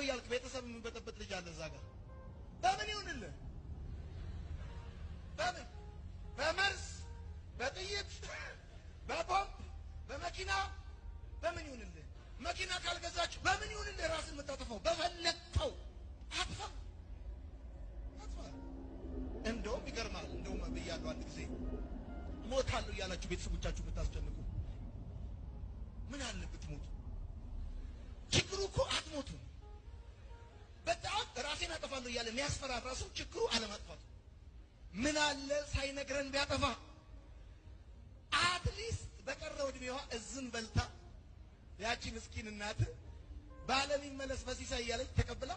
ነው እያልክ ቤተሰብ የምንበጠበት ልጅ አለ እዛ ጋር በምን ይሁንልህ? በምን በመርስ በጥይት በቦምብ በመኪና በምን ይሁንልህ? መኪና ካልገዛችሁ በምን ይሁንልህ? ራስን የምታጥፈው በፈለግከው አጥፋ አጥፋ። እንደውም ይገርማል። እንደውም ብያለሁ አንድ ጊዜ ሞታለሁ እያላችሁ ቤተሰቦቻችሁ የምታስጨንቁ ራሴን አጠፋለሁ እያለ የሚያስፈራ ራሱ ችግሩ አለማጥፋቱ። ምን አለ ሳይነግረን ቢያጠፋ አትሊስት በቀረው እድሜዋ እዝን በልታ ያቺ ምስኪን እናት ባለሚመለስ በሲሳ እያለች ተቀብላ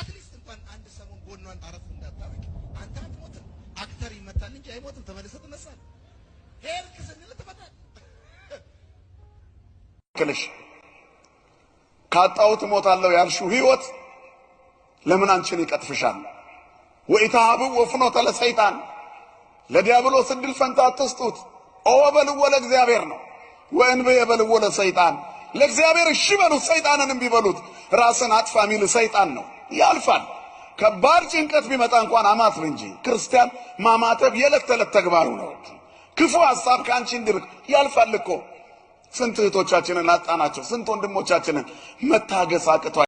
አትሊስት እንኳን አንድ ሰሞን ጎኗን አረፍ እንዳታረግ። አንተ አትሞትም፣ አክተር ይመታል እንጂ አይሞትም። ተመልሰህ ትነሳለህ። ሄድክ ስንል ትመጣለህ። ክልሽ ካጣሁት እሞታለሁ ያልሽው ህይወት ለምን አንቺን ይቀጥፍሻል? ወኢታሃቡ ወፍኖተ ለሰይጣን ለዲያብሎስ እድል ፈንታ አትስጡት። ኦ በልዎ ለእግዚአብሔር ነው። ወእንብየ በልዎ ለሰይጣን ለእግዚአብሔር እሺ በሉት፣ ሰይጣንንም ቢበሉት ራስን አጥፋ የሚል ሰይጣን ነው። ያልፋል። ከባድ ጭንቀት ቢመጣ እንኳን አማትብ እንጂ ክርስቲያን ማማተብ የዕለት ተዕለት ተግባሩ ነው። ክፉ ሀሳብ ከአንቺ እንዲርቅ ያልፋል እኮ። ስንት እህቶቻችንን አጣናቸው። ስንት ወንድሞቻችንን መታገስ አቅቷል።